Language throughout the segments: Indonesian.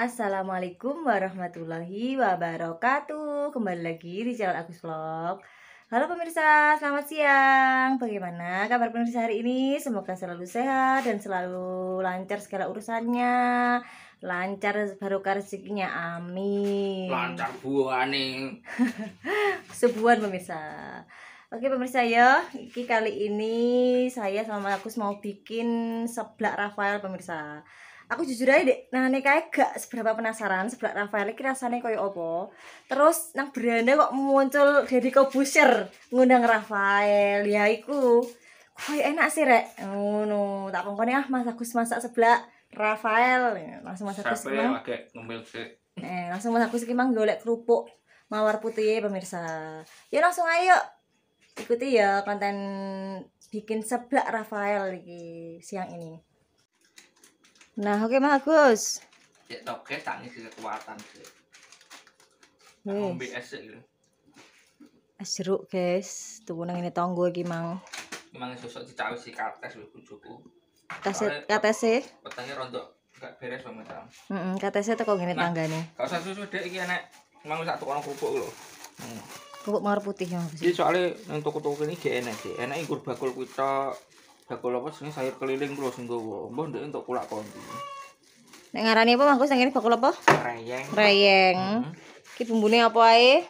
Assalamualaikum warahmatullahi wabarakatuh Kembali lagi di channel Agus Vlog Halo pemirsa, selamat siang Bagaimana kabar pemirsa hari ini? Semoga selalu sehat dan selalu lancar segala urusannya Lancar baru rezekinya, amin Lancar buah nih Sebuah pemirsa Oke pemirsa ya, kali ini saya sama Agus mau bikin seblak Rafael pemirsa aku jujur aja deh nah nih kayak gak seberapa penasaran sebelah Rafael ini rasanya kayak opo terus nang beranda kok muncul jadi busir ngundang Rafael ya iku kayak enak sih rek Oh no tak kongkone ah mas Agus masak sebelah Rafael ya, langsung mas Agus sih eh langsung mas Agus mang golek kerupuk mawar putih pemirsa ya langsung ayo ikuti ya konten bikin seblak Rafael lagi siang ini Nah, oke okay, bagus. Cek ya, toke tak ini kekuatan sih. Ngombe es gitu. Es jeruk, guys. Tuku nang ini tonggo iki mang. Mang sosok dicawi si kates wis bojoku. Kates e. Petenge rondo gak beres sama ta. Heeh, e teko ngene nah, tanggane. Gak usah susu dek iki enek. Mang sak tukono kerupuk lho. Hmm. Kerupuk mawar putih yang Iki soalnya nang toko-toko ini gak enak sih. Enak ikur bakul kuwi tok. bakul lopes ini sayur keliling terus nggowo. Mbah ndek entuk kulak kondi. Nek ngarani apa Mas ini bakul apa? Reyeng. Reyeng. Hmm. bumbune apa ae?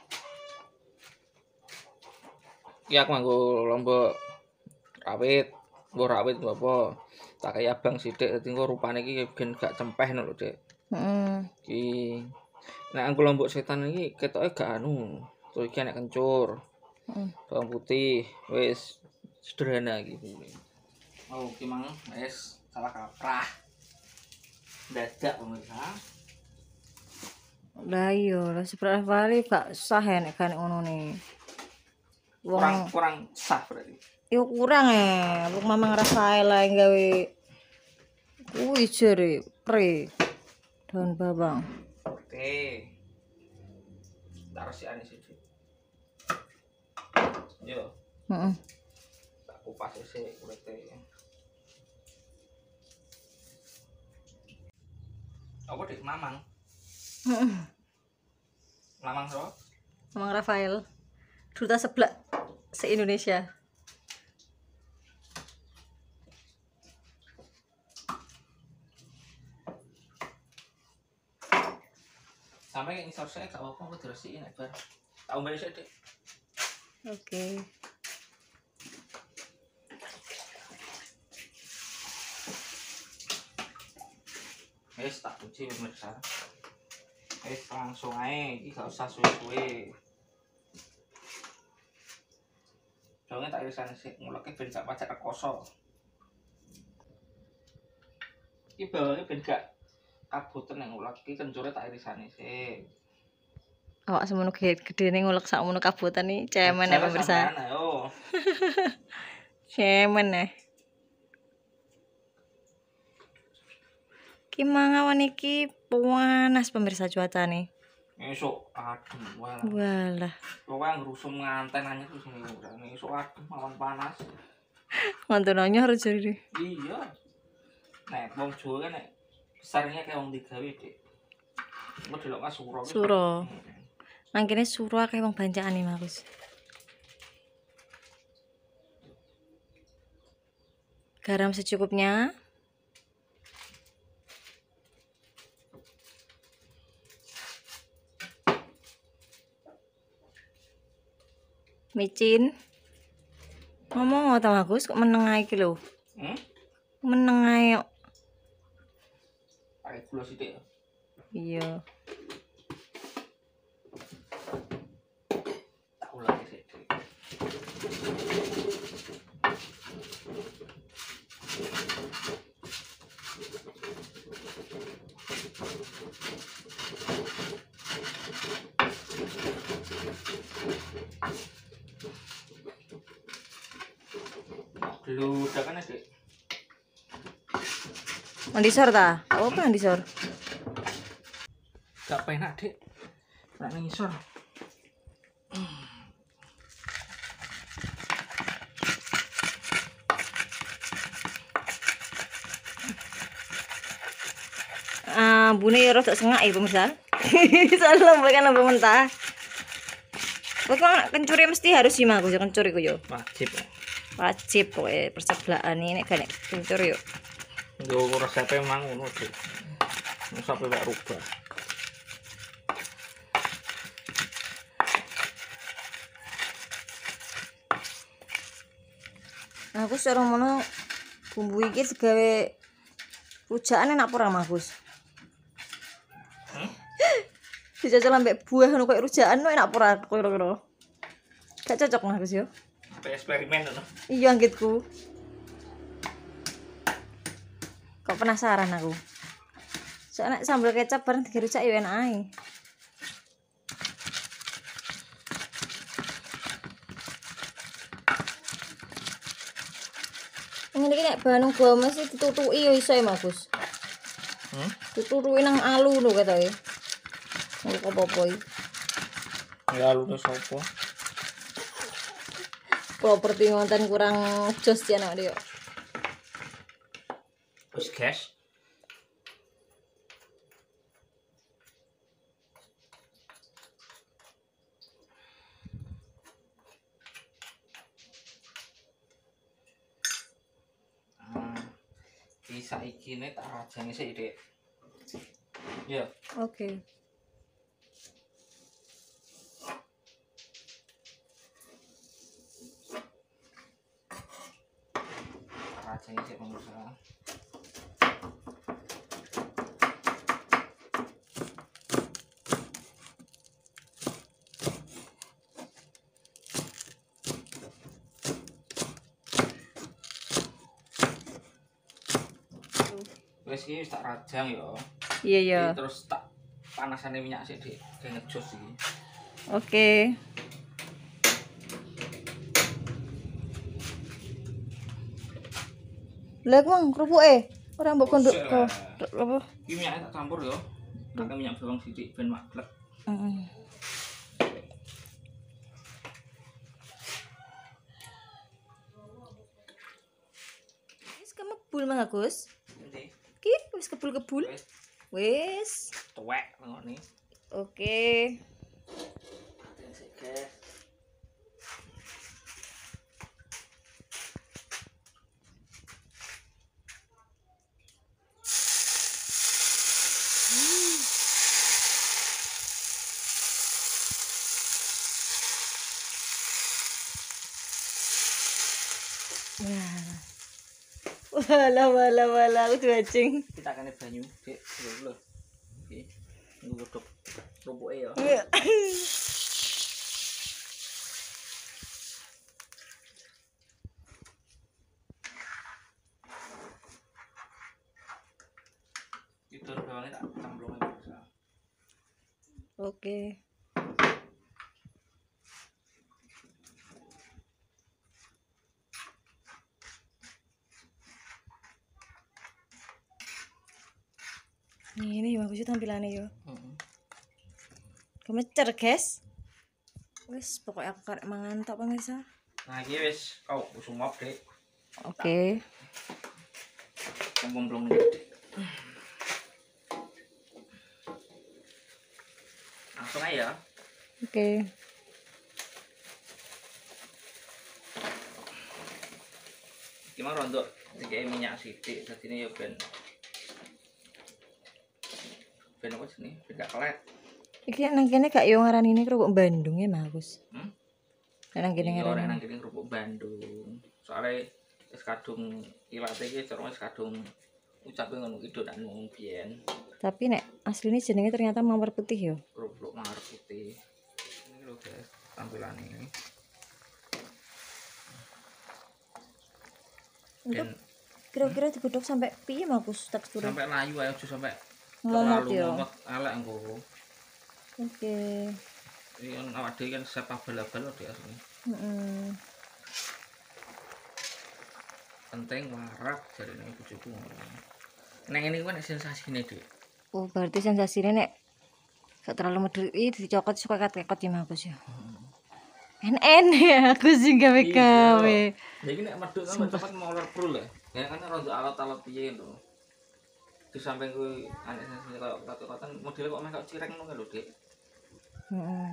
Ki aku nganggo lombok rawit. Mbah rawit apa? Tak kaya abang sithik dadi engko rupane iki ben gak cempeh ngono lho, Dik. Heeh. Hmm. Ki nek aku lombok setan iki ketoke gak anu. Terus iki nek kencur. Heeh. Hmm. putih, wis sederhana iki. Gitu. oh kemang, es salah kaprah dadak pemirsa lah iya lah seberapa kali gak sah ya nek kan ngono nih kurang kurang sah berarti iya kurang eh. Ya. lu mama ngerasa lah gawe kuwi jere pre daun bawang oke taruh si anis itu yo heeh kupas sih kulitnya ya. Apa dek mamang? mamang siapa? Mamang Rafael. Duta sebelah se-Indonesia. sampai yang saya gak apa-apa aku dibersihin lebar tak umpet deh oke okay. Wes tak uji pemirsa. Wes langsung ae, iki gak usah suwe-suwe. Soalnya tak irisan sik nguleke ben gak pacak rekoso. Iki bawangnya ben gak kabutan yang ngulek iki kencure tak irisane sik. awak semono gede ning ngulek mono kabutan iki cemen ya pemirsa. Cemen ya. Kimangawan iki panas pemirsa cuaca nih. Esok adem walah. Walah. Pokoknya ngerusum nganten hanya terus nih. Esok adem awan panas. Mantunannya harus jadi. Iya. Nek wong Jawa kan nek besarnya kayak wong digawe, Dik. Mau delok kan suro. Suro. Nang kene suro akeh wong bancaan iki, Mas. Garam secukupnya. micin ngomong ngomong tau aku kok meneng aja gitu hmm? meneng aja kayak gula sitik iya Andisor ta? Oh, apa andisor? Gak penak, Dik. Penak nang Ah, ambune ya rosak sengak ya pemirsa. Soalnya mereka kan nambah mentah. Pokoknya kencuri mesti harus sih mah, kencuri ku yo. Wajib. Wajib pokoknya persebelahan ini kan kencur yuk. Yo resepe mang ngono sih. Wis sampe wae rubah. Nah, aku secara mono bumbu iki segawe rujakan enak ora, Mas? Hah? Hmm? Bisa jalan mbek buah ngono koyo rujakan enak ora kira-kira. Gak cocok, Mas, yo. Sampai eksperimen ngono. Iya, anggitku. kok penasaran aku soalnya sambal kecap bareng tiga rujak ya enak aja ini kayak bahan gua masih ditutui ya saya ya bagus hmm? ditutui nang alu lo kata ya, ya? nggak apa-apa ya alu tuh sopo properti ngonten kurang jos ya nak dia cash. bisa ah, ikine tak nih sih dek ya oke okay. rajani sih pemirsa wis iki tak rajang ya. Iya ya. Terus tak panasane minyak sik Dik, kayak ngejos iki. Oke. Okay. Lek wong rupuke ora mbok kondok apa? Iki minyak tak campur ya. Pakai minyak bawang sithik ben maklek. Heeh. kamu kemebul Mang Agus ki wis kebul-kebul wis tuwek ngono oke okay. Wala, wala, wala. Ako tuwetsing. Kita ka na pa nyo. Okay, wala. Okay. Nagugutok. Robo eh, oh. Ito na pa bangit. Tamblong na sa. Okay. tampilannya yo heeh kemecer guys wes pokoknya aku karek mangan tok pemirsa nah iki wes kau usum mop dek oke okay. Kembung belum gede. Langsung aja. Ya. Oke. Okay. Gimana rontok? Jadi minyak sidik, jadi ini ya ben ben wis nih ben gak kelet iki nang kene gak yo ngaran ini kerupuk Bandung ya Mas hmm? nang kene iya, ngaran nang kene kerupuk Bandung soalnya wis kadung ilate iki cara wis kadung ucape ngono idut dan ngomong biyen tapi nek asline jenenge ternyata mawar putih yo kerupuk mawar putih ini lho guys tampilan ini Untuk kira-kira digodok sampai piye Mas teksturnya? Sampai layu ayo sampai mumet yo. Mumet elek engko. Oke. Iki kan awak kan sepah bal-bal di asline. Heeh. Penting warak jare nek bojoku. Neng ini kan sensasinya dek. Oh berarti sensasinya nek gak terlalu medul ih dicokot suka kat kekot ya mas ya. En en ya aku gawe gak ya Jadi nek medul kan cepat mau lerpul ya. Kayaknya kan rontok alat alat piye tuh. itu sampai gue aneh kalau kata kata model kok main kok cireng nggak loh dek hmm.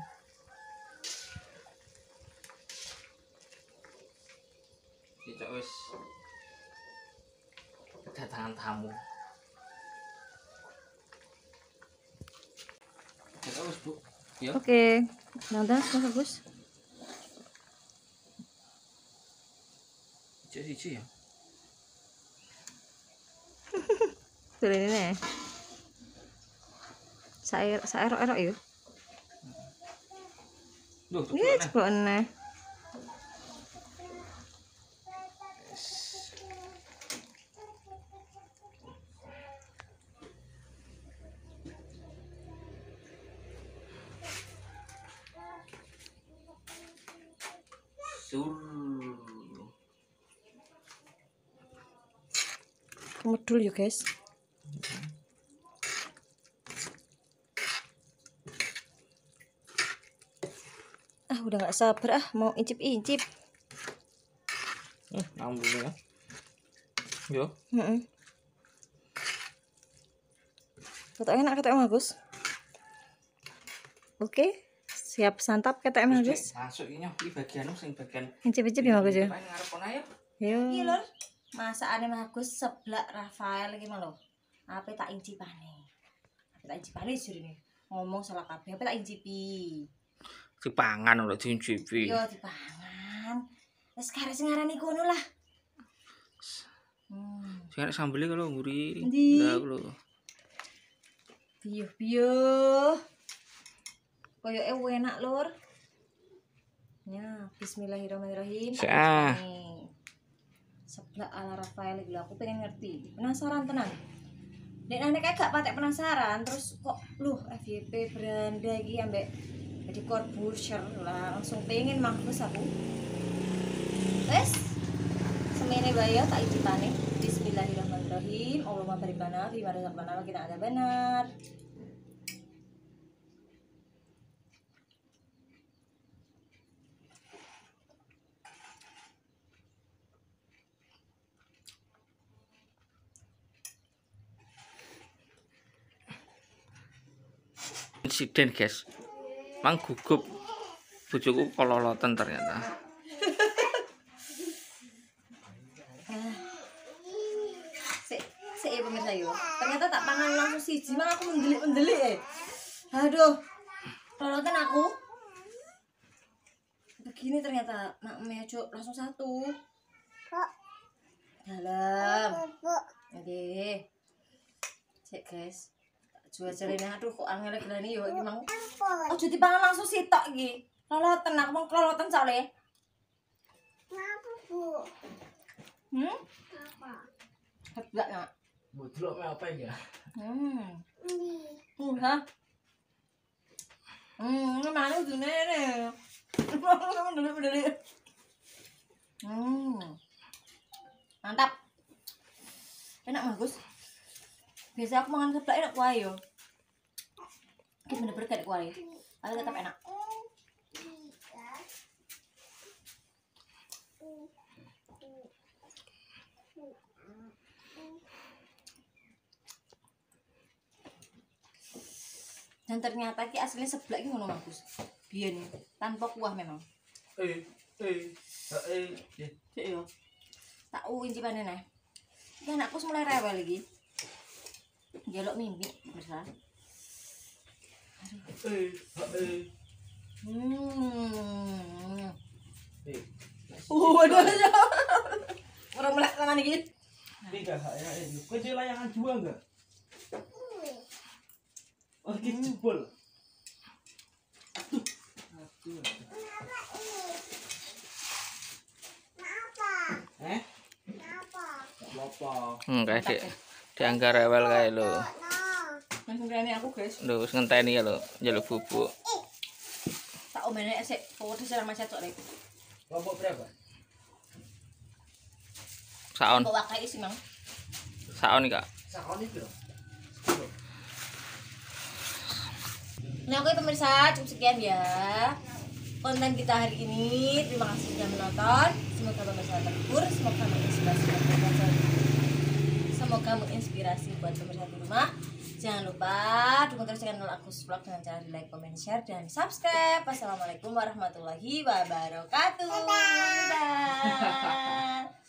cok wis kedatangan tamu Oke, okay. nanda bagus. Cuci-cuci ya. Dari ini nih. Sair, sair, ero, ero, yuk. Ini cepuan nih. Sur. Kemudul yuk ya, guys ah udah nggak sabar ah mau incip-incip Nang dulu ya yo mm kata enak kata emang Gus oke okay. siap santap kata emang Gus masuk ini bagian sing bagian incip-incip ya Gus yo yo masakannya bagus Gus sebelah Rafael gimana loh apa tak incipane apa tak incipane jurine ngomong salah kabeh apa tak incipi dipangan loh, diincipi yo iya, dipangan ya, sekarang sekarang nih ngarani kono lah hmm. sing sambil kalau nguri lo biuh biuh koyo eh enak lor. ya bismillahirrahmanirrahim ah. Sebelah ala Rafael gila aku pengen ngerti penasaran tenang Nek anak kayak gak patek penasaran terus kok lu FYP beranda lagi ambek jadi Corbusier lah langsung pengen mampus aku. Wes semene bayar tak ijitane. Bismillahirrahmanirrahim. Allahumma barik lana fi ma razaqtana kita ada benar insiden guys mang gugup bujuku kololotan ternyata Se, ya, pemirsa yo ternyata tak pangan langsung sih. cuma aku mendelik mendelik eh aduh kololotan aku begini ternyata Mak meyacu langsung satu dalam oke cek guys Jual jarine aduh kok angin lagi gelani yo ya, gimana? Oh Ojo dipangan langsung sitok iki. Loloten aku mung keloloten soalé. Kenapa, Bu? Hmm? Apa? Kedak ya. Bodrok apa ya? Hmm. Hmm, ha? Hmm, ini mana ujungnya ini? Mendelik, mendelik. Hmm. Mantap. Enak, Bagus biasa aku makan seblak enak kuah yo kita bener berkat kuah ya tapi tetap enak dan ternyata ki aslinya seblak ki ngono bagus biyen tanpa kuah memang eh eh eh eh, eh. tak uin cipane nah ya anakku mulai rewel lagi jaluk mimpi besar eh, hmm eh waduh eh. orang melek tangan dikit tiga ya itu kerja layangan dua enggak oh hmm. jebol aduh eh apa apa enggak hmm, sih dianggar rewel kayak lo, wis harus aku guys ngenteni ya lo, jalur bubuk tak omene sik pedes ora macet rek bubuk berapa saon kok kayak sih mang saon nih kak saon itu. lho Nah oke pemirsa cukup sekian ya konten kita hari ini terima kasih sudah menonton semoga pemirsa terhibur semoga menginspirasi dan semoga menginspirasi buat pemirsa di rumah jangan lupa dukung terus channel aku vlog dengan cara di like comment share dan subscribe wassalamualaikum warahmatullahi wabarakatuh Dadah. Dadah.